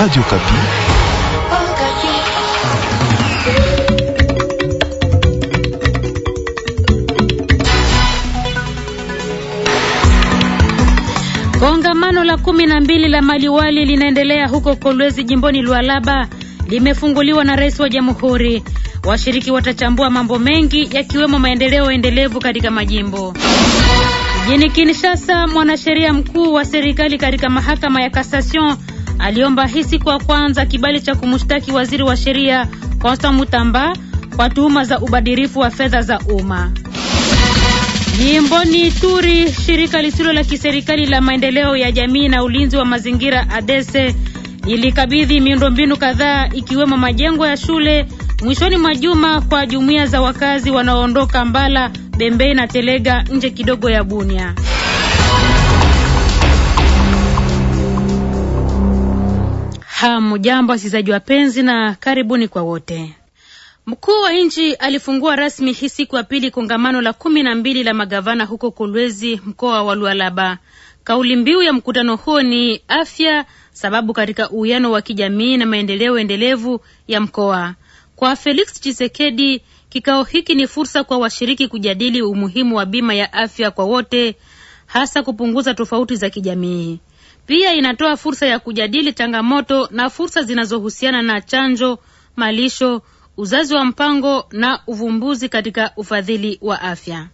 Radio Kapi. Kongamano la kumi na mbili la maliwali linaendelea huko Kolwezi jimboni Lualaba limefunguliwa na Rais wa Jamhuri. Washiriki watachambua mambo mengi yakiwemo maendeleo endelevu katika majimbo. jini Kinshasa, mwanasheria mkuu wa serikali katika mahakama ya Cassation aliomba hii siku ya kwanza kibali cha kumshtaki waziri wa sheria Constant Mutamba kwa tuhuma za ubadhirifu wa fedha za umma. Jimboni Ituri, shirika lisilo la kiserikali la maendeleo ya jamii na ulinzi wa mazingira ADESE ilikabidhi miundombinu kadhaa ikiwemo majengo ya shule mwishoni mwa juma kwa jumuiya za wakazi wanaoondoka Mbala, Bembei na Telega nje kidogo ya Bunia. Hamujambo wasikilizaji wapenzi, na karibuni kwa wote. Mkuu wa nchi alifungua rasmi hii siku ya pili kongamano la kumi na mbili la magavana huko Kolwezi, mkoa wa Lualaba. Kauli mbiu ya mkutano huo ni afya, sababu katika uwiano wa kijamii na maendeleo endelevu ya mkoa. Kwa Felix Chisekedi, kikao hiki ni fursa kwa washiriki kujadili umuhimu wa bima ya afya kwa wote, hasa kupunguza tofauti za kijamii. Pia inatoa fursa ya kujadili changamoto na fursa zinazohusiana na chanjo, malisho, uzazi wa mpango na uvumbuzi katika ufadhili wa afya.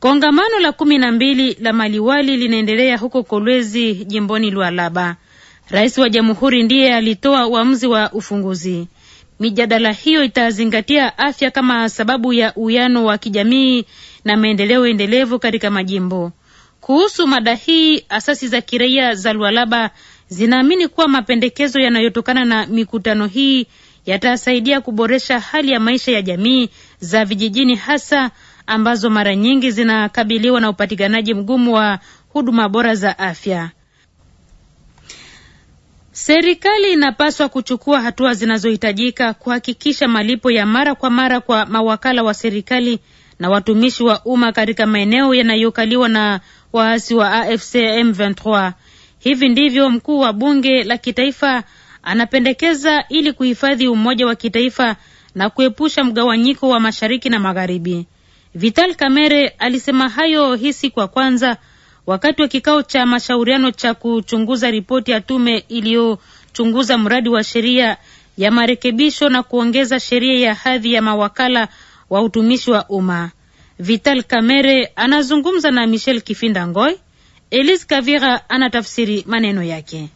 Kongamano la kumi na mbili la maliwali linaendelea huko Kolwezi, jimboni Lualaba. Rais wa jamhuri ndiye alitoa uamuzi wa ufunguzi. Mijadala hiyo itazingatia afya kama sababu ya uwiano wa kijamii na maendeleo endelevu katika majimbo. Kuhusu mada hii, asasi za kiraia za Lualaba zinaamini kuwa mapendekezo yanayotokana na mikutano hii yatasaidia kuboresha hali ya maisha ya jamii za vijijini hasa ambazo mara nyingi zinakabiliwa na upatikanaji mgumu wa huduma bora za afya. Serikali inapaswa kuchukua hatua zinazohitajika kuhakikisha malipo ya mara kwa mara kwa mawakala wa serikali na watumishi wa umma katika maeneo yanayokaliwa na waasi wa AFC M23. Hivi ndivyo mkuu wa bunge la kitaifa anapendekeza ili kuhifadhi umoja wa kitaifa na kuepusha mgawanyiko wa mashariki na magharibi. Vital Kamerhe alisema hayo hii siku ya kwanza wakati wa kikao cha mashauriano cha kuchunguza ripoti ya tume iliyochunguza mradi wa sheria ya marekebisho na kuongeza sheria ya hadhi ya mawakala wa utumishi wa umma. Vital Kamere anazungumza na Michel Kifinda Ngoi. Elise Kavira anatafsiri maneno yake.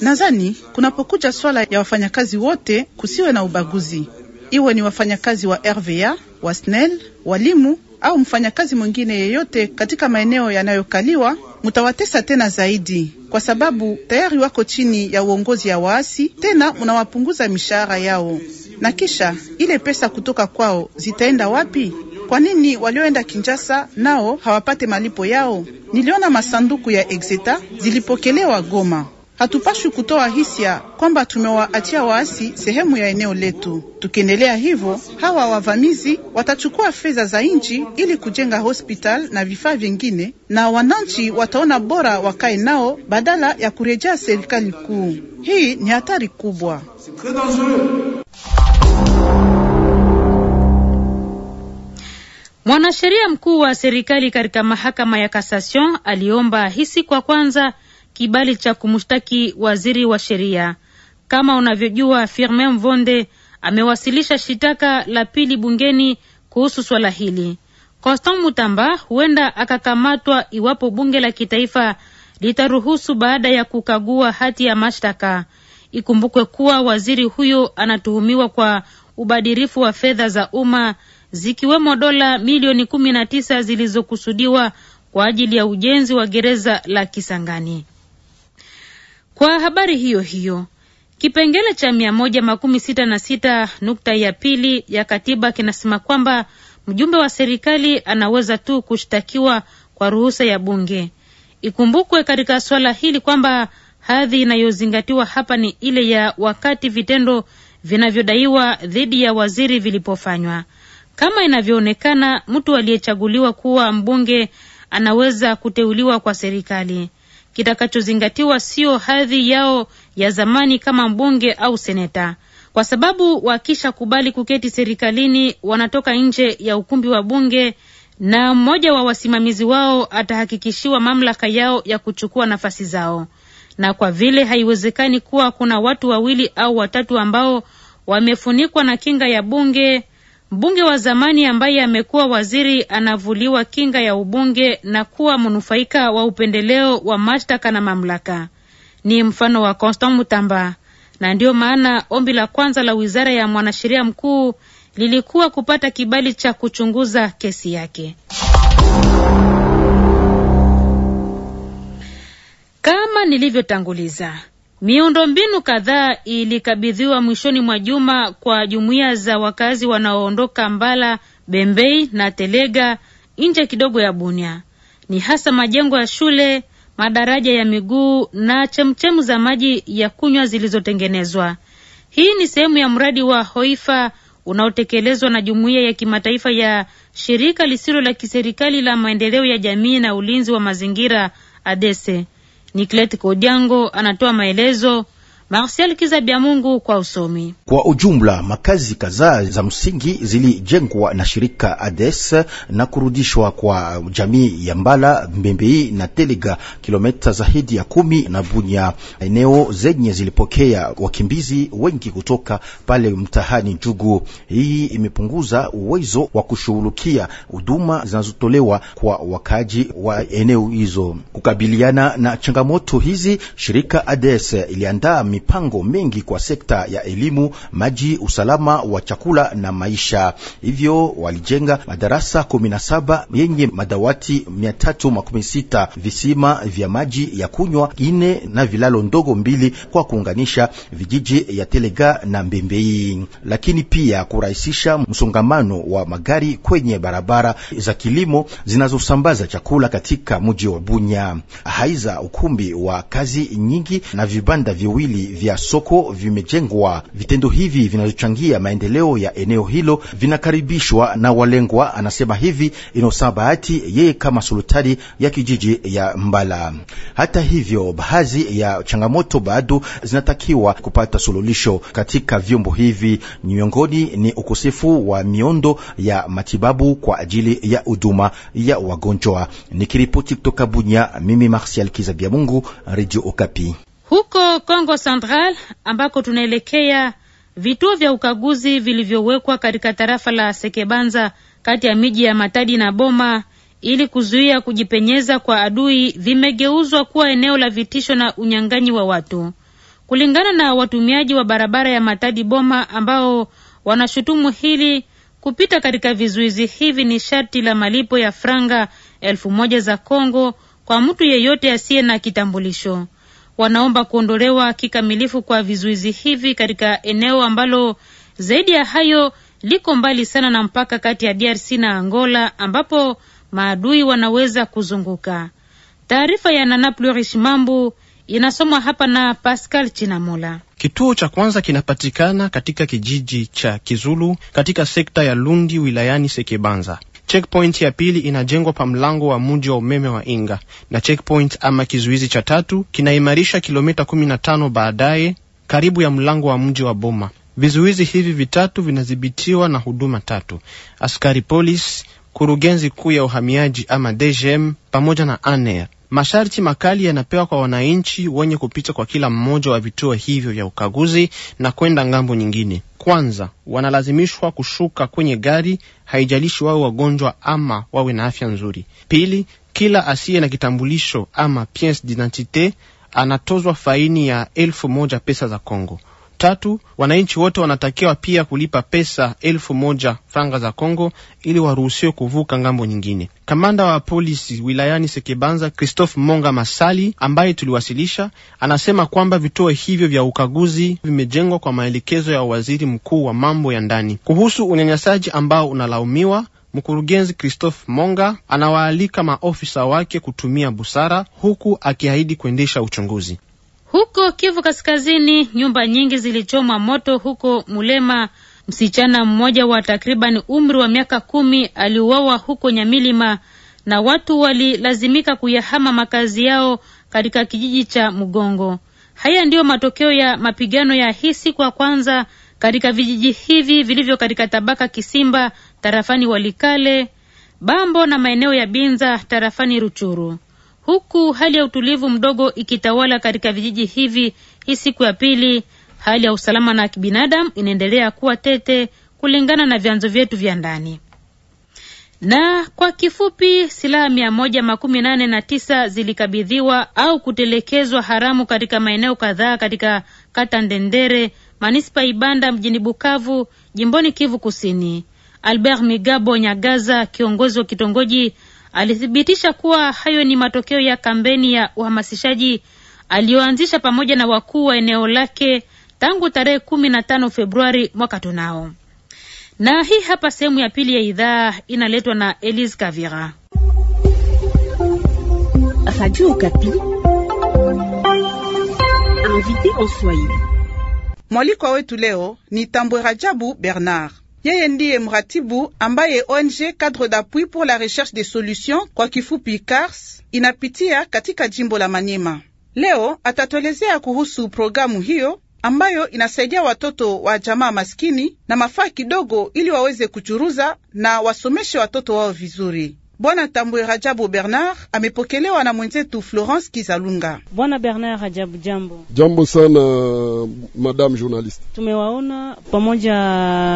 Nadhani kunapokuja swala ya wafanyakazi wote, kusiwe na ubaguzi, iwe ni wafanyakazi wa RVA, wa SNEL, walimu au mfanyakazi mwingine yeyote katika maeneo yanayokaliwa, mutawatesa tena zaidi, kwa sababu tayari wako chini ya uongozi ya waasi, tena munawapunguza mishahara yao na kisha ile pesa kutoka kwao zitaenda wapi? Kwa nini walioenda Kinshasa nao hawapate malipo yao? Niliona masanduku ya Exeta zilipokelewa Goma. Hatupashwi kutoa hisia kwamba tumewaatia waasi sehemu ya eneo letu. Tukiendelea hivyo, hawa wavamizi watachukua fedha za nchi ili kujenga hospital na vifaa vingine, na wananchi wataona bora wakae nao badala ya kurejea serikali kuu. Hii ni hatari kubwa. Mwanasheria mkuu wa serikali katika mahakama ya Kasasion aliomba hisi kwa kwanza kibali cha kumshtaki waziri wa sheria. Kama unavyojua, Firmin Mvonde amewasilisha shitaka la pili bungeni kuhusu swala hili. Constant Mutamba huenda akakamatwa iwapo bunge la kitaifa litaruhusu baada ya kukagua hati ya mashtaka. Ikumbukwe kuwa waziri huyo anatuhumiwa kwa ubadirifu wa fedha za umma zikiwemo dola milioni kumi na tisa zilizokusudiwa kwa ajili ya ujenzi wa gereza la Kisangani. Kwa habari hiyo hiyo, kipengele cha mia moja makumi sita na sita nukta ya pili ya katiba kinasema kwamba mjumbe wa serikali anaweza tu kushtakiwa kwa ruhusa ya bunge. Ikumbukwe katika swala hili kwamba hadhi inayozingatiwa hapa ni ile ya wakati vitendo vinavyodaiwa dhidi ya waziri vilipofanywa. Kama inavyoonekana, mtu aliyechaguliwa kuwa mbunge anaweza kuteuliwa kwa serikali. Kitakachozingatiwa sio hadhi yao ya zamani kama mbunge au seneta, kwa sababu wakishakubali kuketi serikalini wanatoka nje ya ukumbi wa bunge na mmoja wa wasimamizi wao atahakikishiwa mamlaka yao ya kuchukua nafasi zao. Na kwa vile haiwezekani kuwa kuna watu wawili au watatu ambao wamefunikwa na kinga ya bunge, Mbunge wa zamani ambaye amekuwa waziri anavuliwa kinga ya ubunge na kuwa mnufaika wa upendeleo wa mashtaka na mamlaka. Ni mfano wa Constant Mutamba, na ndiyo maana ombi la kwanza la wizara ya mwanasheria mkuu lilikuwa kupata kibali cha kuchunguza kesi yake. Kama nilivyotanguliza Miundombinu kadhaa ilikabidhiwa mwishoni mwa juma kwa jumuiya za wakazi wanaoondoka Mbala, Bembei na Telega nje kidogo ya Bunia. Ni hasa majengo ya shule, madaraja ya miguu na chemchemu za maji ya kunywa zilizotengenezwa. Hii ni sehemu ya mradi wa Hoifa unaotekelezwa na jumuiya ya kimataifa ya shirika lisilo la kiserikali la maendeleo ya jamii na ulinzi wa mazingira ADESE. Niklet Kodiango anatoa maelezo Marsial Kizabia Mungu kwa usomi. Kwa ujumla makazi kadhaa za msingi zilijengwa na shirika ADES na kurudishwa kwa jamii ya Mbala, Mbembei na Telega, kilomita zaidi ya kumi na Bunya, eneo zenye zilipokea wakimbizi wengi kutoka pale mtahani Jugu. Hii imepunguza uwezo wa kushughulikia huduma zinazotolewa kwa wakaji wa eneo hizo. Kukabiliana na changamoto hizi, shirika ADES iliandaa mipango mengi kwa sekta ya elimu, maji, usalama wa chakula na maisha. Hivyo walijenga madarasa 17 yenye madawati 316, visima vya maji ya kunywa ine na vilalo ndogo mbili kwa kuunganisha vijiji ya Telega na Mbembei, lakini pia kurahisisha msongamano wa magari kwenye barabara za kilimo zinazosambaza chakula katika mji wa Bunya. Haiza ukumbi wa kazi nyingi na vibanda viwili vya soko vimejengwa. Vitendo hivi vinavyochangia maendeleo ya eneo hilo vinakaribishwa na walengwa, anasema hivi Inosa Bahati, yeye kama sultani ya kijiji ya Mbala. Hata hivyo, baadhi ya changamoto bado zinatakiwa kupata suluhisho katika vyombo hivi, miongoni ni ukosefu wa miondo ya matibabu kwa ajili ya huduma ya wagonjwa. Nikiripoti kutoka Bunya, mimi Marsial Kizabiamungu, Radio Okapi. Huko Kongo Central ambako tunaelekea, vituo vya ukaguzi vilivyowekwa katika tarafa la Sekebanza kati ya miji ya Matadi na Boma ili kuzuia kujipenyeza kwa adui vimegeuzwa kuwa eneo la vitisho na unyang'anyi wa watu, kulingana na watumiaji wa barabara ya Matadi Boma ambao wanashutumu hili. Kupita katika vizuizi hivi ni sharti la malipo ya franga elfu moja za Kongo kwa mtu yeyote asiye na kitambulisho wanaomba kuondolewa kikamilifu kwa vizuizi hivi katika eneo ambalo zaidi ya hayo liko mbali sana na mpaka kati ya DRC na Angola ambapo maadui wanaweza kuzunguka. Taarifa ya Nana Plurish Mambu inasomwa hapa na Pascal Chinamola. Kituo cha kwanza kinapatikana katika kijiji cha Kizulu katika sekta ya Lundi wilayani Sekebanza. Checkpoint ya pili inajengwa pa mlango wa mji wa umeme wa Inga na checkpoint ama kizuizi cha tatu kinaimarisha kilomita 15 baadaye karibu ya mlango wa mji wa Boma. Vizuizi hivi vitatu vinadhibitiwa na huduma tatu: askari polisi, kurugenzi kuu ya uhamiaji ama DGM pamoja na ANER. Masharti makali yanapewa kwa wananchi wenye kupita kwa kila mmoja wa vituo hivyo vya ukaguzi na kwenda ngambo nyingine. Kwanza, wanalazimishwa kushuka kwenye gari, haijalishi wawe wagonjwa ama wawe na afya nzuri. Pili, kila asiye na kitambulisho ama pièce d'identite anatozwa faini ya elfu moja pesa za Kongo. Tatu, wananchi wote wanatakiwa pia kulipa pesa elfu moja franga za congo ili waruhusiwe kuvuka ngambo nyingine. Kamanda wa polisi wilayani Sekebanza, Christophe Monga Masali, ambaye tuliwasilisha, anasema kwamba vituo hivyo vya ukaguzi vimejengwa kwa maelekezo ya waziri mkuu wa mambo ya ndani. Kuhusu unyanyasaji ambao unalaumiwa Mkurugenzi Christophe Monga anawaalika maofisa wake kutumia busara huku akiahidi kuendesha uchunguzi. Huko Kivu Kaskazini, nyumba nyingi zilichomwa moto huko Mulema. Msichana mmoja wa takriban umri wa miaka kumi aliuawa huko Nyamilima na watu walilazimika kuyahama makazi yao katika kijiji cha Mgongo. Haya ndiyo matokeo ya mapigano ya hii siku ya kwanza katika vijiji hivi vilivyo katika tabaka Kisimba tarafani Walikale, Bambo na maeneo ya Binza tarafani Ruchuru huku hali ya utulivu mdogo ikitawala katika vijiji hivi. Hii siku ya pili, hali ya usalama na kibinadamu inaendelea kuwa tete kulingana na vyanzo vyetu vya ndani. Na kwa kifupi, silaha mia moja makumi nane na tisa zilikabidhiwa au kutelekezwa haramu katika maeneo kadhaa katika kata Ndendere, manispa Ibanda mjini Bukavu, jimboni Kivu Kusini. Albert Migabo Nyagaza, kiongozi wa kitongoji alithibitisha kuwa hayo ni matokeo ya kampeni ya uhamasishaji aliyoanzisha pamoja na wakuu wa eneo lake tangu tarehe kumi na tano Februari mwaka tunao. Na hii hapa sehemu ya pili ya idhaa inaletwa na Elise Kavira. Mwalikwa wetu leo ni Tambwe Rajabu Bernard. Yeye ndiye mratibu ambaye ONG Cadre d'Appui pour la Recherche des Solutions kwa kifupi CARS inapitia katika jimbo la Manyema. Leo atatuelezea kuhusu programu hiyo ambayo inasaidia watoto wa jamaa maskini na mafaa kidogo ili waweze kuchuruza na wasomeshe watoto wao vizuri. Bwana Tambwe Rajabu Bernard amepokelewa na mwenzetu Florence Kizalunga. Bwana Bernard Rajabu, jambo. Jambo sana madam journalist. Tumewaona pamoja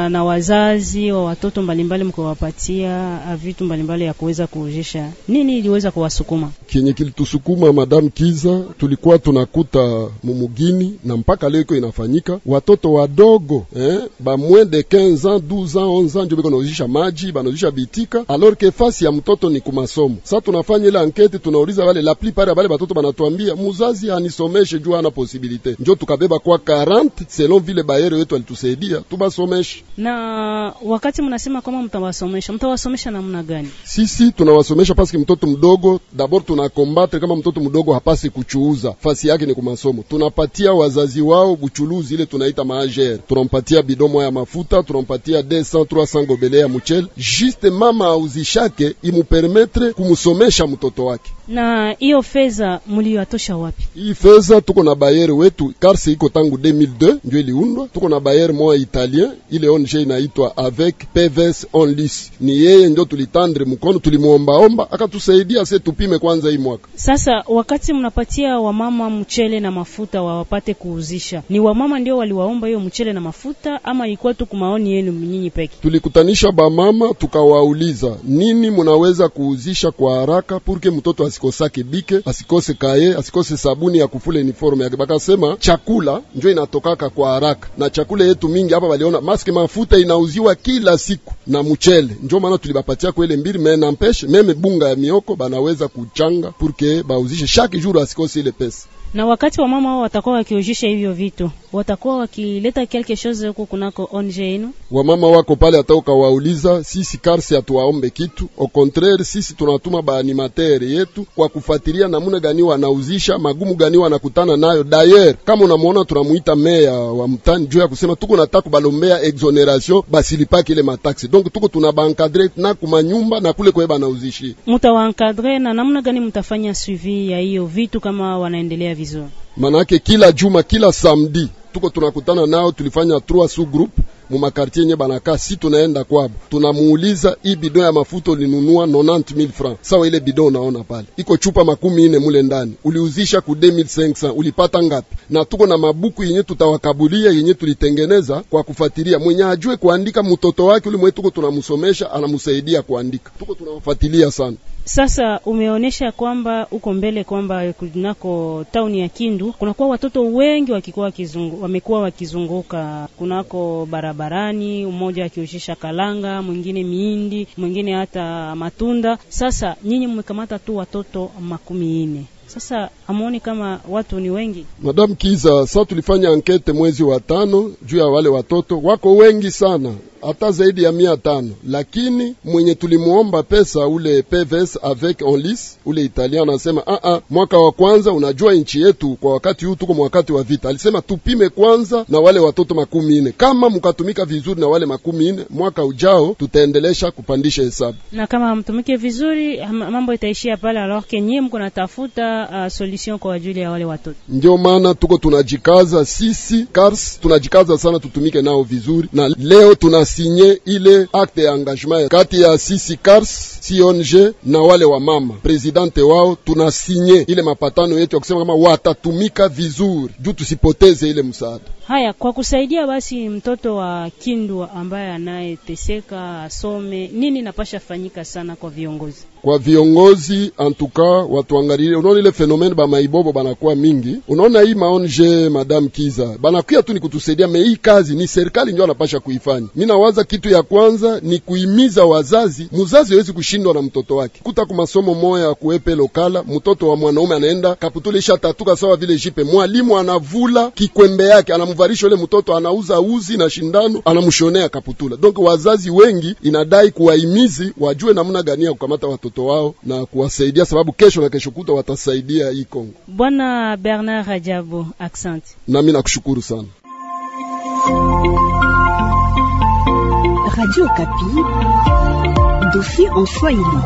na wazazi wa watoto mbalimbali mkiwapatia vitu mbalimbali ya kuweza kuujisha. Nini iliweza kuwasukuma? kenye kilitusukuma Madam Kiza, tulikuwa tunakuta mumugini na mpaka leo iko inafanyika, watoto wadogo eh, ba moins de 15 ans 12 ans 11 ans ndio biko nauzisha maji banauzisha bitika, alors que fasi ya mtoto ni kumasomo. Sasa tunafanya ile ankete, tunauliza wale la plupart wale batoto banatuambia muzazi hanisomeshe juu ana posibilite, njo tukabeba kwa 40 selon vile bayere wetu alitusaidia tubasomeshe. Na wakati mnasema kama mtawasomesha, mtawasomesha namna gani? Sisi tunawasomesha paski mtoto mdogo dabord tunakombatre kama mtoto mdogo hapasi kuchuuza, fasi yake ni kumasomo. Tunapatia wazazi wao buchuluzi ile tunaita maager tunampatia bidomo ya mafuta, tunampatia 200 300 gobele ya muchele juste mama auzishake imupermetre kumusomesha mtoto wake na hiyo fedha mliwatosha wapi? Hii fedha tuko na bayere wetu karse iko tangu 2002 ndio iliundwa. Tuko na bayere moja italien, ile ONG inaitwa avec PVS on lis, ni yeye ndio tulitandre mkono, tulimwombaomba akatusaidia se tupime kwanza hii mwaka. Sasa wakati mnapatia wamama mchele na mafuta wawapate kuuzisha, ni wamama ndio waliwaomba hiyo mchele na mafuta ama ilikuwa tu kumaoni yenu nyinyi peke? Tulikutanisha bamama tukawauliza, nini munaweza kuuzisha kwa haraka purke mtoto asi asikosake bike, asikose kaye, asikose sabuni ya kufula uniforme yake. Bakasema chakula njo inatokaka kwa haraka, na chakula yetu mingi hapa waliona maske mafuta inauziwa kila siku na mchele, njo maana tulibapatia kwele mbili me nampeshe meme bunga ya mioko banaweza kuchanga purke bauzishe shaki juru asikose ile pesa. Na wakati wa mama wao watakuwa wakiuzisha hivyo vitu watakuwa wakileta quelque chose huko kunako ONG yenu. Wamama wako pale, atauka wauliza, sisi karsi hatuwaombe kitu. Au contraire, sisi tunatuma baanimateri yetu kwa kufuatilia namuna gani wanauzisha, magumu gani wanakutana nayo. Dayer kama unamwona, tunamuita meya wa mtani juu ya kusema tuko nataka kubalombea exoneration basilipaki ile mataksi, donc tuko tuna bankadre na kuma nyumba na kule kweba nauzishi. Mutawaankadre na namna gani mtafanya suivi ya hiyo vitu kama wanaendelea vizuri? Manake kila juma kila samedi tuko tunakutana nao, tulifanya trois sous groupe mumakartie nye banakaa, si tunaenda kwabo tunamuuliza hii bidon ya mafuta ulinunua 90000 francs, sawa ile bidon unaona pale iko chupa makumi ine mule ndani, uliuzisha ku 2500 ulipata ngapi? Na tuko na mabuku yenye tutawakabulia yenye tulitengeneza kwa kufatilia, mwenye ajue kuandika mtoto wake ule mwe tuko tunamsomesha, anamusaidia kuandika, tuko tunamfuatilia sana. Sasa umeonyesha kwamba uko mbele kwamba kunako tauni ya Kindu kunakuwa watoto wengi wakikuwa kizungu, wamekuwa wakizunguka kunako barabara barabarani, mmoja akiushisha kalanga, mwingine miindi, mwingine hata matunda. Sasa nyinyi mmekamata tu watoto makumi ine. Sasa amuoni kama watu ni wengi, Madam Kiza? Sasa tulifanya ankete mwezi wa tano juu ya wale watoto, wako wengi sana hata zaidi ya mia tano, lakini mwenye tulimuomba pesa ule PVS avec en ule Italian anasema a ah, a, ah, mwaka wa kwanza, unajua nchi yetu kwa wakati huu tuko mwakati wa vita. Alisema tupime kwanza na wale watoto makumi nne, kama mkatumika vizuri na wale makumi nne, mwaka ujao tutaendelesha kupandisha hesabu, na kama hamtumike vizuri mambo itaishia pale, alors que nyinyi mko natafuta uh, ah, solution kwa ajili ya wale watoto. Ndio maana tuko tunajikaza sisi CARS tunajikaza sana, tutumike nao vizuri, na leo tuna sinye ile akte ya engagement kati ya sisi Cars CNG na wale wa mama presidente wao, tuna ile mapatano yetu ya kusema kama watatumika vizuri juu tusipoteze ile msaada. Haya, kwa kusaidia basi mtoto wa kindu ambaye anayeteseka asome nini, napasha fanyika sana kwa viongozi kwa viongozi antuka watuangalie. Unaona ile fenomene bamaibobo banakuwa mingi, unaona hii maonje Madame Kiza banakuya tu ni kutusaidia me, hii kazi ni serikali ndio anapasha kuifanya. Mimi nawaza kitu ya kwanza ni kuimiza wazazi, muzazi hawezi kushindwa na mtoto wake kuta kwa masomo moya kuepe lokala, mtoto wa mwanaume anaenda kaputulisha tatuka sawa vile jipe, mwalimu anavula kikwembe yake anamvalisha ile mtoto, anauza uzi na shindano anamshonea kaputula. Donc wazazi wengi inadai kuwaimizi wajue namna gani ya kukamata watoto watoto wao na kuwasaidia, sababu kesho na kesho kuta watasaidia hii Kongo. Bwana Bernard Rajabo, asante. mimi nakushukuru sana. Radio Kapi, dofi en Swahili.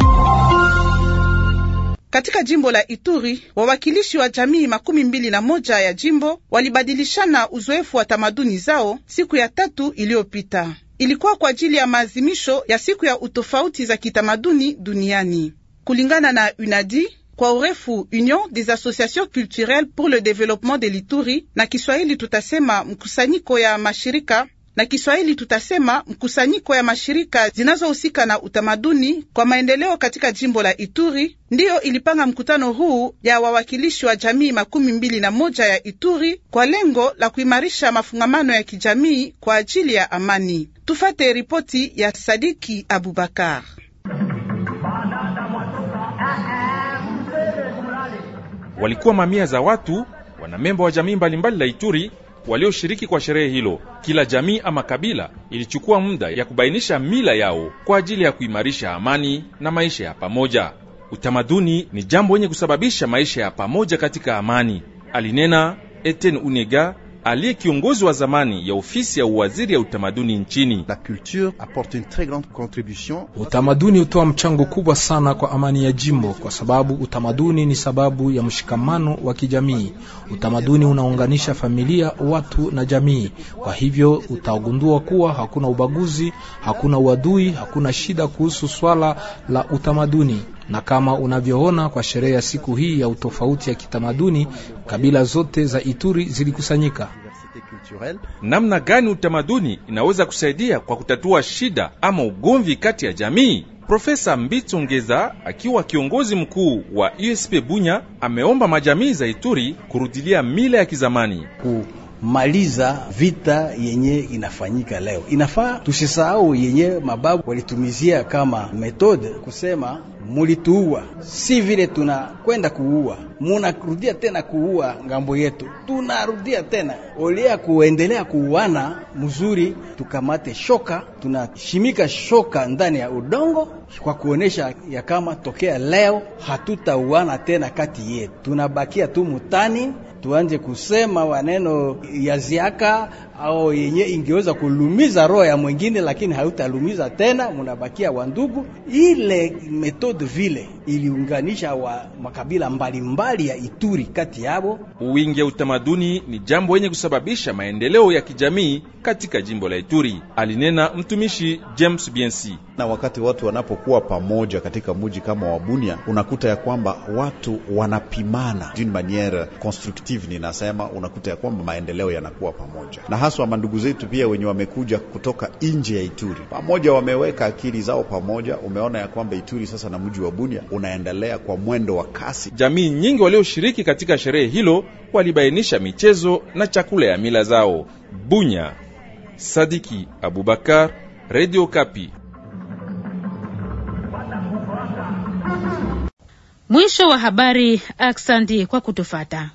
Katika jimbo la Ituri wawakilishi wa jamii makumi mbili na moja ya jimbo walibadilishana uzoefu wa tamaduni zao siku ya tatu iliyopita ilikuwa kwa ajili ya maazimisho ya siku ya utofauti za kitamaduni duniani. Kulingana na UNADI, kwa urefu Union des Associations Culturelles pour le développement de l'Ituri, na Kiswahili tutasema mkusanyiko ya mashirika na Kiswahili tutasema mkusanyiko ya mashirika zinazohusika na utamaduni kwa maendeleo katika jimbo la Ituri ndiyo ilipanga mkutano huu ya wawakilishi wa jamii makumi mbili na moja ya Ituri kwa lengo la kuimarisha mafungamano ya kijamii kwa ajili ya amani. Tufate ripoti ya Sadiki Abubakar. Walikuwa mamia za watu wanamemba wa jamii mbalimbali la Ituri walioshiriki kwa sherehe hilo. Kila jamii ama kabila ilichukua muda ya kubainisha mila yao kwa ajili ya kuimarisha amani na maisha ya pamoja. Utamaduni ni jambo yenye kusababisha maisha ya pamoja katika amani, alinena Eten Unega, aliye kiongozi wa zamani ya ofisi ya uwaziri ya utamaduni nchini. La culture apporte une très grande contribution. Utamaduni hutoa mchango kubwa sana kwa amani ya jimbo, kwa sababu utamaduni ni sababu ya mshikamano wa kijamii. Utamaduni unaunganisha familia, watu na jamii. Kwa hivyo utagundua kuwa hakuna ubaguzi, hakuna uadui, hakuna shida kuhusu swala la utamaduni na kama unavyoona kwa sherehe ya siku hii ya utofauti ya kitamaduni, kabila zote za Ituri zilikusanyika. Namna gani utamaduni inaweza kusaidia kwa kutatua shida ama ugomvi kati ya jamii? Profesa mbitsongeza akiwa kiongozi mkuu wa USP Bunya ameomba majamii za Ituri kurudilia mila ya kizamani maliza vita yenye inafanyika leo. Inafaa tusisahau yenye mababu walitumizia kama metode kusema mulituua, si vile tunakwenda kuua, munarudia tena kuua ngambo yetu, tunarudia tena olea kuendelea kuuana mzuri. Tukamate shoka, tunashimika shoka ndani ya udongo kwa kuonesha ya kama tokea leo hatutauana tena kati yetu, tunabakia tu mutani tuanze kusema maneno ya ziaka au yenye ingeweza kulumiza roho ya mwingine, lakini hautalumiza tena, munabakia wandugu. Ile metode vile iliunganisha wa makabila mbalimbali mbali ya Ituri kati yabo. Uwingi ya utamaduni ni jambo yenye kusababisha maendeleo ya kijamii katika jimbo la Ituri, alinena mtumishi James Biensi. Na wakati watu wanapokuwa pamoja katika muji kama Wabunia, unakuta ya kwamba watu wanapimana d'une maniere constructive, ninasema unakuta ya kwamba maendeleo yanakuwa pamoja na haswa mandugu zetu pia wenye wamekuja kutoka nje ya Ituri pamoja, wameweka akili zao pamoja. Umeona ya kwamba Ituri sasa na mji wa Bunia unaendelea kwa mwendo wa kasi. Jamii nyingi walioshiriki katika sherehe hilo walibainisha michezo na chakula ya mila zao. Bunya, Sadiki Abubakar, Radio Kapi. Mwisho wa habari. Aksandi kwa kutufata.